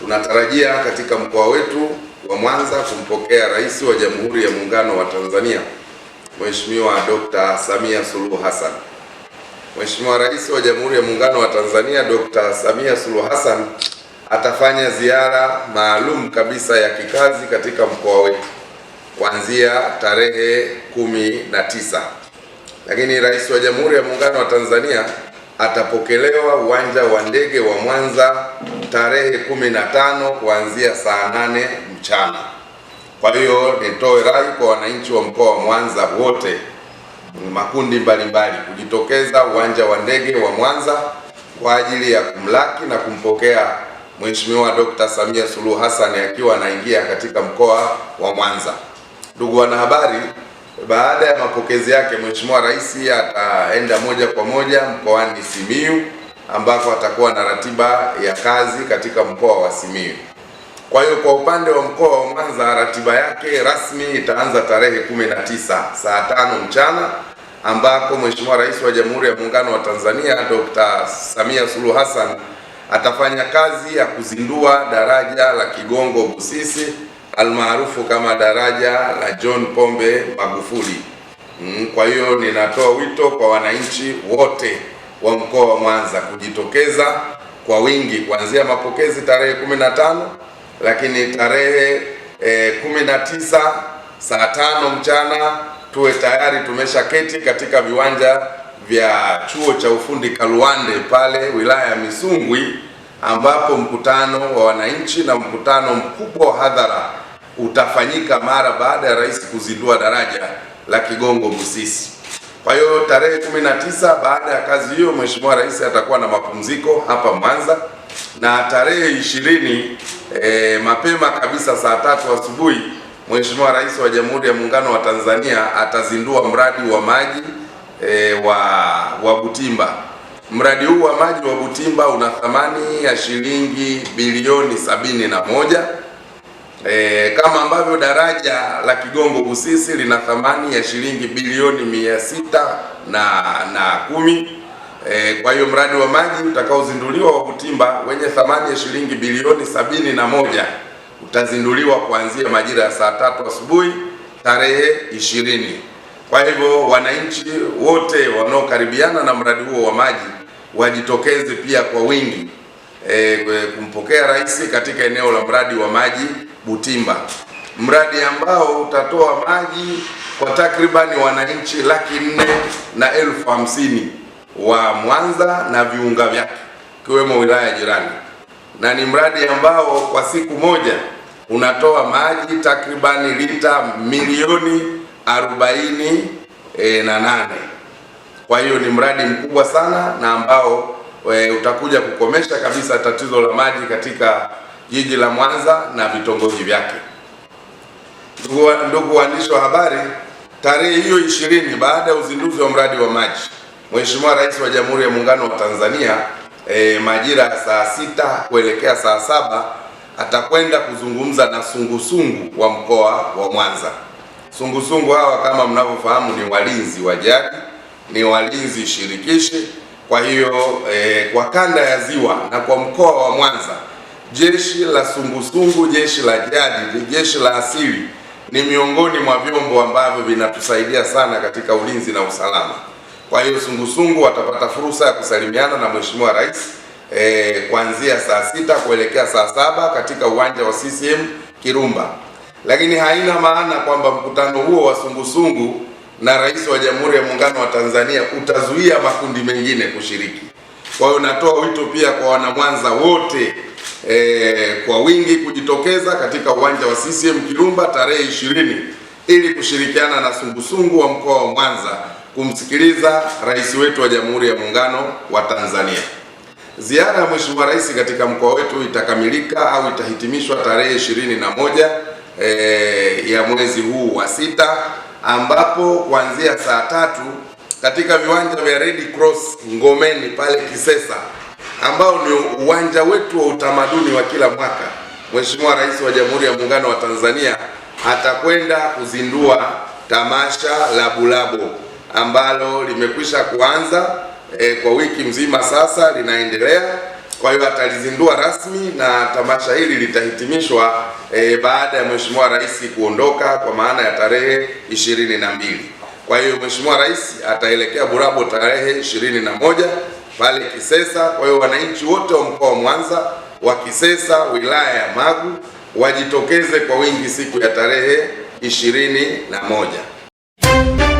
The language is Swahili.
Tunatarajia katika mkoa wetu wa Mwanza kumpokea Rais wa Jamhuri ya Muungano wa Tanzania Mheshimiwa Dr. Samia Suluhu Hassan. Mheshimiwa Rais wa Jamhuri ya Muungano wa Tanzania Dr. Samia Suluhu Hassan atafanya ziara maalum kabisa ya kikazi katika mkoa wetu kuanzia tarehe kumi na tisa, lakini Rais wa Jamhuri ya Muungano wa Tanzania atapokelewa uwanja wa ndege wa Mwanza tarehe kumi na tano kuanzia saa nane mchana. Kwa hiyo nitoe rai kwa wananchi wa mkoa wa Mwanza wote makundi mbalimbali kujitokeza uwanja wa ndege wa Mwanza kwa ajili ya kumlaki na kumpokea Mheshimiwa Dr. Samia Suluhu Hassan akiwa anaingia katika mkoa wa Mwanza. Ndugu wanahabari, baada ya mapokezi yake Mheshimiwa Rais ataenda moja kwa moja mkoani Simiyu ambako atakuwa na ratiba ya kazi katika mkoa wa Simiyu. Kwa hiyo kwa upande wa mkoa wa Mwanza, ratiba yake rasmi itaanza tarehe 19 saa tano mchana ambako Mheshimiwa Rais wa Jamhuri ya Muungano wa Tanzania Dr. Samia Suluhu Hassan atafanya kazi ya kuzindua daraja la Kigongo Busisi almaarufu kama daraja la John Pombe Magufuli. Mm, kwa hiyo ninatoa wito kwa wananchi wote wa mkoa wa Mwanza kujitokeza kwa wingi kuanzia mapokezi tarehe 15 lakini tarehe e, eh, 19 saa tano mchana tuwe tayari tumesha keti katika viwanja vya chuo cha ufundi Kaluande pale wilaya ya Misungwi ambapo mkutano wa wananchi na mkutano mkubwa wa hadhara utafanyika mara baada ya rais kuzindua daraja la Kigongo Busisi. Kwa hiyo tarehe 19 baada ya kazi hiyo, Mheshimiwa Rais atakuwa na mapumziko hapa Mwanza, na tarehe ishirini e, mapema kabisa saa tatu asubuhi Mheshimiwa Rais wa Jamhuri ya Muungano wa Tanzania atazindua mradi wa maji e, wa, wa Butimba. Mradi huu wa maji wa Butimba una thamani ya shilingi bilioni sabini na moja. E, kama ambavyo daraja la Kigongo Busisi lina thamani ya shilingi bilioni mia sita na, na kumi. E, kwa hiyo mradi wa maji utakaozinduliwa wa Butimba wenye thamani ya shilingi bilioni sabini na moja utazinduliwa kuanzia majira ya saa tatu asubuhi tarehe ishirini. Kwa hivyo wananchi wote wanaokaribiana na mradi huo wa maji wajitokeze pia kwa wingi e, kumpokea rais katika eneo la mradi wa maji Butimba, mradi ambao utatoa maji kwa takribani wananchi laki nne na elfu hamsini wa Mwanza na viunga vyake ikiwemo wilaya jirani, na ni mradi ambao kwa siku moja unatoa maji takribani lita milioni arobaini e, na nane. Kwa hiyo ni mradi mkubwa sana na ambao e, utakuja kukomesha kabisa tatizo la maji katika jiji la Mwanza na vitongoji vyake. Ndugu waandishi wa habari, tarehe hiyo ishirini, baada ya uzinduzi wa mradi wa maji, Mheshimiwa Rais wa Jamhuri ya Muungano wa Tanzania e, majira ya saa sita kuelekea saa saba atakwenda kuzungumza na sungusungu wa mkoa wa Mwanza. Sungusungu hawa kama mnavyofahamu ni walinzi wa jadi, ni walinzi shirikishi. Kwa hiyo e, kwa kanda ya Ziwa na kwa mkoa wa Mwanza Jeshi la sungusungu, jeshi la jadi, jeshi la asili ni miongoni mwa vyombo ambavyo vinatusaidia sana katika ulinzi na usalama. Kwa hiyo sungusungu watapata fursa ya kusalimiana na Mheshimiwa Rais e, kuanzia saa sita kuelekea saa saba katika uwanja wa CCM Kirumba, lakini haina maana kwamba mkutano huo wa sungusungu na Rais wa Jamhuri ya Muungano wa Tanzania utazuia makundi mengine kushiriki. Kwa hiyo natoa wito pia kwa wanamwanza wote e, kwa wingi kujitokeza katika uwanja wa CCM Kirumba tarehe ishirini ili kushirikiana na sungusungu wa mkoa wa Mwanza kumsikiliza rais wetu wa Jamhuri ya Muungano wa Tanzania. Ziara ya Mheshimiwa Rais katika mkoa wetu itakamilika au itahitimishwa tarehe ishirini na moja e, ya mwezi huu wa sita ambapo kuanzia saa tatu katika viwanja vya Red Cross Ngomeni pale Kisesa ambao ni uwanja wetu wa utamaduni wa kila mwaka. Mheshimiwa Rais wa Jamhuri ya Muungano wa Tanzania atakwenda kuzindua tamasha la Bulabo ambalo limekwisha kuanza e, kwa wiki mzima sasa linaendelea. Kwa hiyo atalizindua rasmi na tamasha hili litahitimishwa e, baada ya Mheshimiwa Rais kuondoka kwa maana ya tarehe ishirini na mbili. Kwa hiyo Mheshimiwa Rais ataelekea Bulabo tarehe ishirini na moja pale Kisesa. Kwa hiyo wananchi wote wa mkoa wa Mwanza wa Kisesa, wilaya ya Magu wajitokeze kwa wingi siku ya tarehe ishirini na moja.